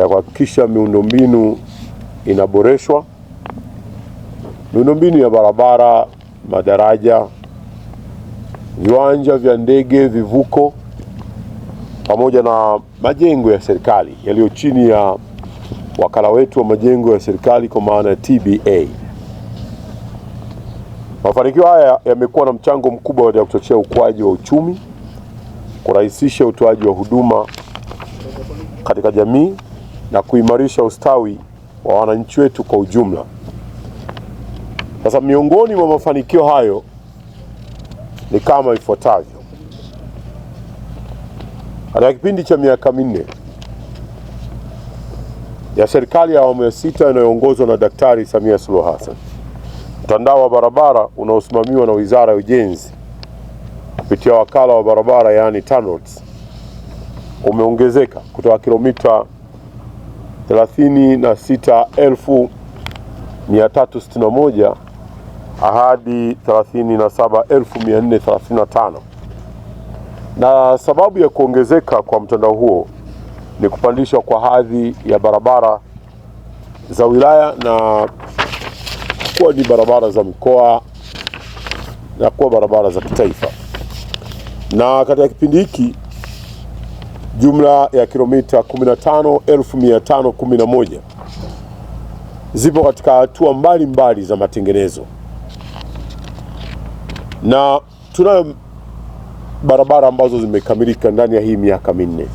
ya kuhakikisha miundombinu inaboreshwa, miundombinu ya barabara, madaraja, viwanja vya ndege, vivuko, pamoja na majengo ya serikali yaliyo chini ya wakala wetu wa majengo ya serikali kwa maana ya TBA. Mafanikio haya yamekuwa na mchango mkubwa katika kuchochea ukuaji wa uchumi, kurahisisha utoaji wa huduma katika jamii na kuimarisha ustawi wa wananchi wetu kwa ujumla. Sasa miongoni mwa mafanikio hayo ni kama ifuatavyo. Katika kipindi cha miaka minne ya serikali ya awamu ya sita inayoongozwa na Daktari Samia Suluhu Hassan, mtandao wa barabara unaosimamiwa na Wizara ya Ujenzi kupitia wakala wa barabara yaani TANROADS umeongezeka kutoka kilomita 36,361 hadi 37,435. Na sababu ya kuongezeka kwa mtandao huo ni kupandishwa kwa hadhi ya barabara za wilaya na kuwa ni barabara za mikoa na kuwa barabara za kitaifa. Na katika kipindi hiki jumla ya kilomita 15,511 zipo katika hatua mbalimbali za matengenezo, na tunayo barabara ambazo zimekamilika ndani ya hii miaka minne,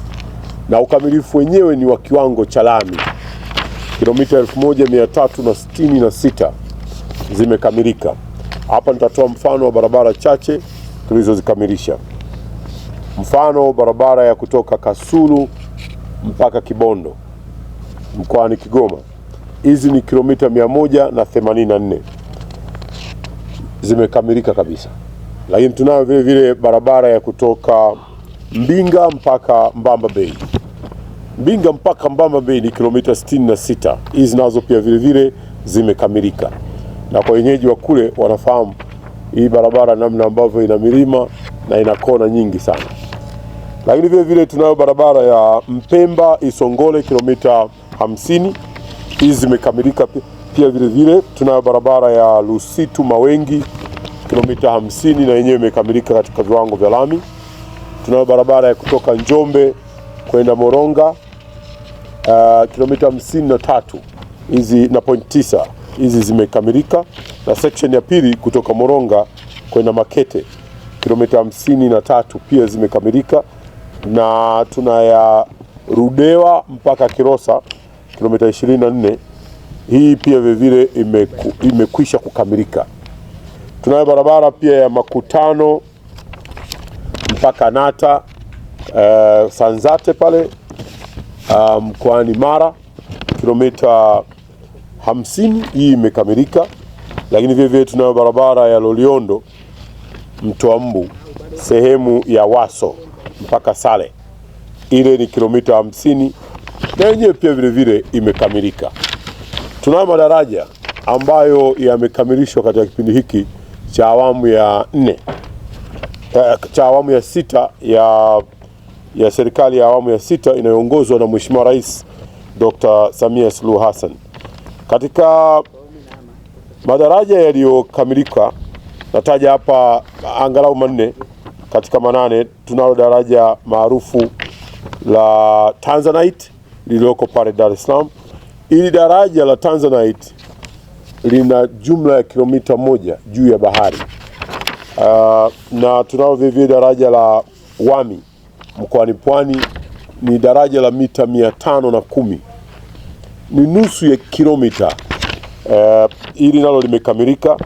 na ukamilifu wenyewe ni wa kiwango cha lami. Kilomita 1366 zimekamilika. Hapa nitatoa mfano wa barabara chache tulizozikamilisha. Mfano, barabara ya kutoka Kasulu mpaka Kibondo mkoani Kigoma, hizi ni kilomita mia na nne zimekamilika kabisa, lakini tunayo vile vile barabara ya kutoka Mbinga mpaka Mbamba Bay. Mbinga mpaka Mbamba Bay ni kilomita 66. Hizi nazo pia vile vile zimekamilika, na kwa wenyeji wa kule wanafahamu hii barabara namna ambavyo ina milima na ina kona nyingi sana. Lakini vile vile tunayo barabara ya Mpemba Isongole kilomita hamsini, hizi zimekamilika. Pia vile vile tunayo barabara ya Lusitu Mawengi kilomita hamsini na yenyewe imekamilika katika viwango vya lami. Tunayo barabara ya kutoka Njombe kwenda Moronga uh, kilomita hamsini na tatu hizi na point tisa hizi zimekamilika, na section ya pili kutoka Moronga kwenda Makete kilomita hamsini na tatu pia zimekamilika na tunayarudewa mpaka Kilosa kilomita 24. Hii pia vilevile imeku, imekwisha kukamilika. Tunayo barabara pia ya makutano mpaka Nata uh, Sanzate pale ah, mkoani um, Mara kilomita 50, hii imekamilika. Lakini vilevile tunayo barabara ya Loliondo Mtoa Mbu sehemu ya Waso mpaka Sale, ile ni kilomita hamsini na yenyewe pia vilevile imekamilika. Tunayo madaraja ambayo yamekamilishwa katika kipindi hiki cha awamu ya nne eh, cha awamu ya sita ya, ya serikali ya awamu ya sita inayoongozwa na Mheshimiwa Rais Dr. Samia Suluhu Hassan. Katika madaraja yaliyokamilika nataja hapa angalau manne katika Manane tunalo daraja maarufu la Tanzanite lililoko pale Dar es Salaam. Ili daraja la Tanzanite lina jumla ya kilomita moja juu ya bahari uh, na tunalo vilevile daraja la Wami mkoani Pwani ni daraja la mita mia tano na kumi ni nusu ya kilomita uh, hili nalo limekamilika,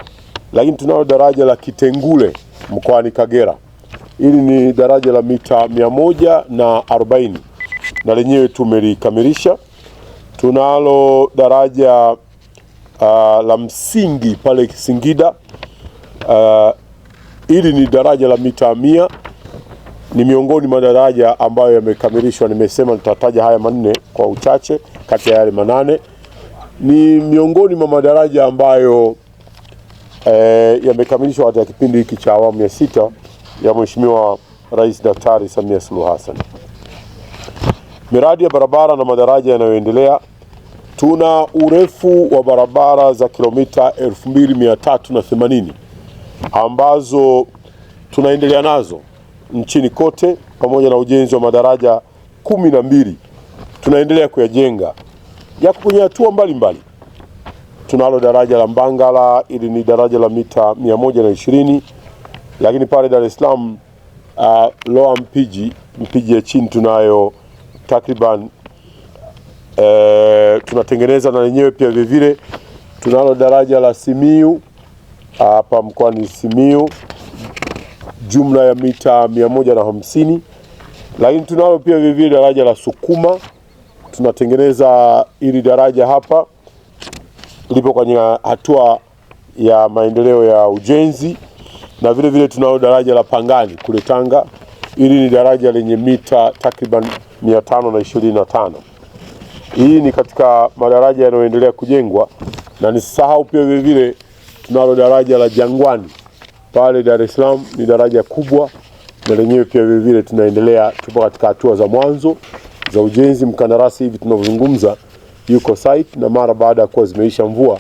lakini tunalo daraja la Kitengule mkoani Kagera. Hili ni daraja la mita mia moja na arobaini na lenyewe tumelikamilisha. Tunalo daraja uh, la msingi pale Singida. Ah, hili uh, ni daraja la mita mia, ni miongoni mwa daraja ambayo yamekamilishwa. Nimesema nitataja haya manne kwa uchache kati ya yale manane. Ni miongoni mwa madaraja ambayo eh, yamekamilishwa katika kipindi hiki cha awamu ya sita ya Mheshimiwa Rais Daktari Samia Suluhu Hassan. Miradi ya barabara na madaraja yanayoendelea, tuna urefu wa barabara za kilomita 2380 ambazo tunaendelea nazo nchini kote, pamoja na ujenzi wa madaraja kumi na mbili tunaendelea kuyajenga yako kwenye hatua mbalimbali. Tunalo daraja la Mbangala, ili ni daraja la mita 120 lakini pale Dar es Salaam uh, loa Mpiji, Mpiji ya chini tunayo takriban uh, tunatengeneza na lenyewe pia vilevile. Tunalo daraja la Simiu uh, hapa mkoani Simiu, jumla ya mita mia moja na hamsini, lakini tunalo pia vilevile daraja la Sukuma. Tunatengeneza ili daraja hapa, lipo kwenye hatua ya maendeleo ya ujenzi na vile vile tunalo daraja la Pangani kule Tanga. Hili ni daraja lenye mita takriban 525. Hii ni katika madaraja yanayoendelea kujengwa, na nisahau pia vile vile tunalo daraja la Jangwani pale Dar es Salaam, ni daraja kubwa na lenyewe pia vile vile tunaendelea, tupo katika hatua za mwanzo za ujenzi. Mkandarasi hivi tunavyozungumza yuko site, na mara baada ya kuwa zimeisha mvua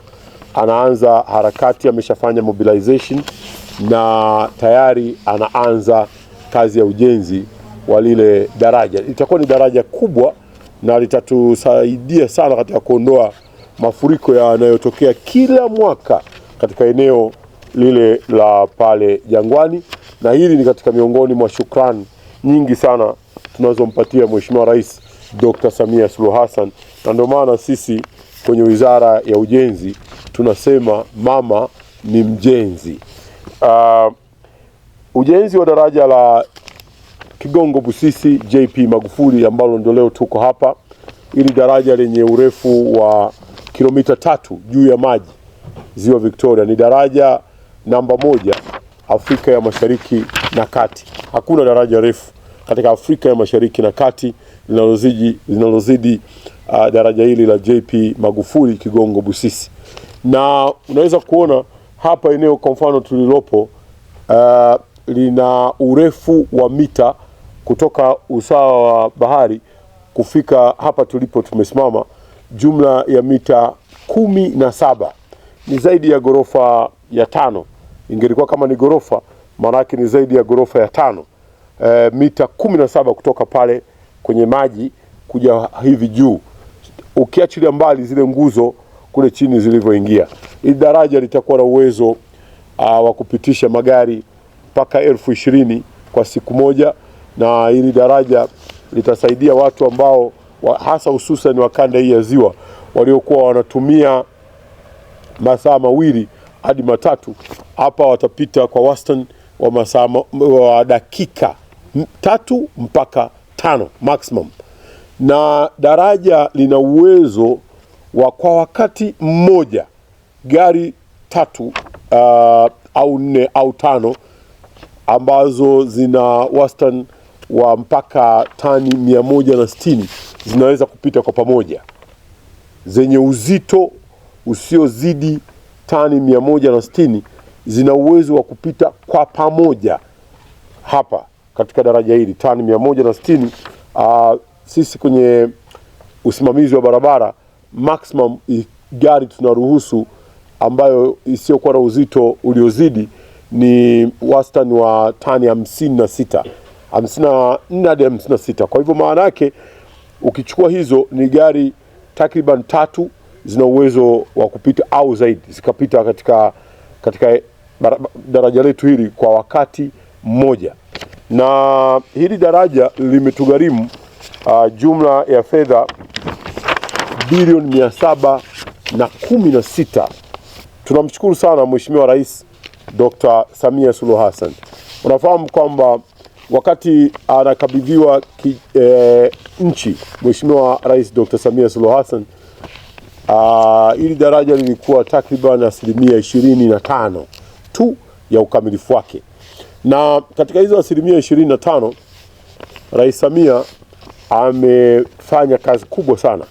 anaanza harakati, ameshafanya mobilization na tayari anaanza kazi ya ujenzi wa lile daraja. Litakuwa ni daraja kubwa na litatusaidia sana katika kuondoa mafuriko yanayotokea kila mwaka katika eneo lile la pale Jangwani, na hili ni katika miongoni mwa shukrani nyingi sana tunazompatia Mheshimiwa Rais Dr. Samia Suluhu Hassan, na ndio maana sisi kwenye Wizara ya Ujenzi tunasema mama ni mjenzi. Uh, ujenzi wa daraja la Kigongo Busisi JP Magufuli ambalo ndio leo tuko hapa, ili daraja lenye urefu wa kilomita tatu juu ya maji ziwa Victoria, ni daraja namba moja Afrika ya Mashariki na Kati. Hakuna daraja refu katika Afrika ya Mashariki na Kati linalozidi linalozidi uh, daraja hili la JP Magufuli Kigongo Busisi, na unaweza kuona hapa eneo kwa mfano tulilopo uh, lina urefu wa mita kutoka usawa wa bahari kufika hapa tulipo tumesimama, jumla ya mita kumi na saba. Ni zaidi ya ghorofa ya tano. Ingelikuwa kama ni ghorofa, yake ni zaidi ya ghorofa ya tano. E, mita kumi na saba kutoka pale kwenye maji kuja hivi juu, ukiachilia mbali zile nguzo kule chini zilivyoingia. Hili daraja litakuwa na uwezo uh, wa kupitisha magari mpaka elfu ishirini kwa siku moja, na hili daraja litasaidia watu ambao wa, hasa hususan wa kanda hii ya ziwa waliokuwa wanatumia masaa mawili hadi matatu hapa watapita kwa wastani wa masaa wa dakika tatu mpaka tano maximum, na daraja lina uwezo wa kwa wakati mmoja gari tatu uh, au nne au tano ambazo zina wastani wa mpaka tani mia moja na sitini zinaweza kupita kwa pamoja zenye uzito usiozidi tani mia moja na sitini zina uwezo wa kupita kwa pamoja hapa katika daraja hili tani mia moja na sitini. Uh, sisi kwenye usimamizi wa barabara maximum gari tunaruhusu ambayo isiyokuwa na uzito uliozidi ni wastani wa tani hamsini na sita hamsini na nne hadi hamsini na sita Kwa hivyo maana yake ukichukua hizo ni gari takriban tatu zina uwezo wa kupita au zaidi zikapita katika, katika daraja letu hili kwa wakati mmoja, na hili daraja limetugharimu uh, jumla ya fedha bilioni mia saba na kumi na sita. Tunamshukuru sana Mheshimiwa Rais Dr. Samia Suluhu Hassan. Unafahamu kwamba wakati anakabidhiwa e, nchi Mheshimiwa Rais Dr. Samia Suluhu Hassan hili daraja lilikuwa takriban asilimia ishirini na tano tu ya ukamilifu wake, na katika hizo asilimia ishirini na tano Rais Samia amefanya kazi kubwa sana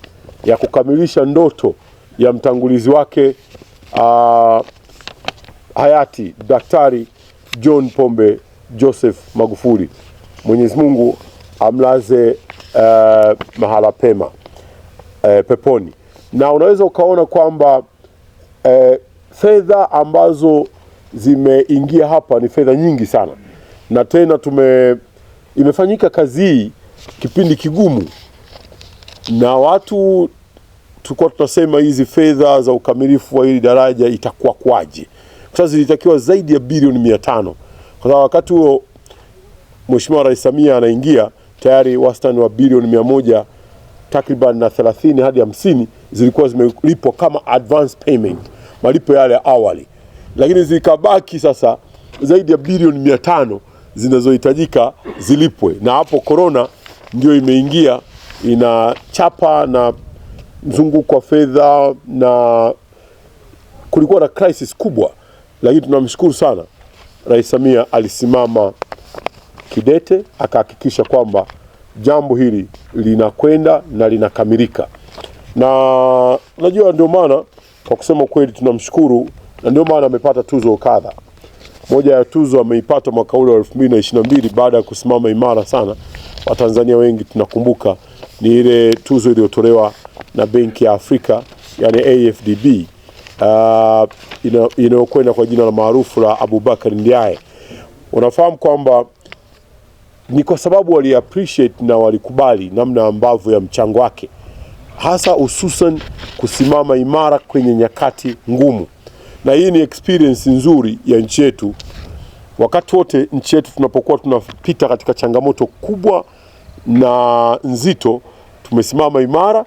ya kukamilisha ndoto ya mtangulizi wake uh, hayati Daktari John Pombe Joseph Magufuli. Mwenyezi Mungu amlaze uh, mahala pema uh, peponi. Na unaweza ukaona kwamba uh, fedha ambazo zimeingia hapa ni fedha nyingi sana, na tena tume imefanyika kazi hii kipindi kigumu na watu tulikuwa tunasema hizi fedha za ukamilifu wa hili daraja itakuwa kwaje, kwa sababu zilitakiwa zaidi ya bilioni mia tano kwa sababu wakati huo Mheshimiwa Rais Samia anaingia tayari wastani wa bilioni mia moja takriban na 30 hadi hamsini zilikuwa zimelipwa kama advance payment, malipo yale ya awali, lakini zikabaki sasa zaidi ya bilioni mia tano zinazohitajika zilipwe, na hapo korona ndio imeingia ina chapa na mzunguko wa fedha na kulikuwa na crisis kubwa, lakini tunamshukuru sana Rais Samia alisimama kidete akahakikisha kwamba jambo hili linakwenda na linakamilika, na najua ndio maana kwa kusema kweli tunamshukuru, na ndio maana amepata tuzo kadha. Moja ya tuzo ameipata mwaka ule wa 2022 baada ya kusimama imara sana. Watanzania wengi tunakumbuka ni ile tuzo iliyotolewa na Benki ya Afrika yani AFDB uh, ah, inayokwenda kwa jina la maarufu la Abubakar Ndiaye. Unafahamu kwamba ni kwa sababu wali appreciate na walikubali namna ambavyo ya mchango wake hasa hususan kusimama imara kwenye nyakati ngumu, na hii ni experience nzuri ya nchi yetu. Wakati wote nchi yetu tunapokuwa tunapita katika changamoto kubwa na nzito, umesimama imara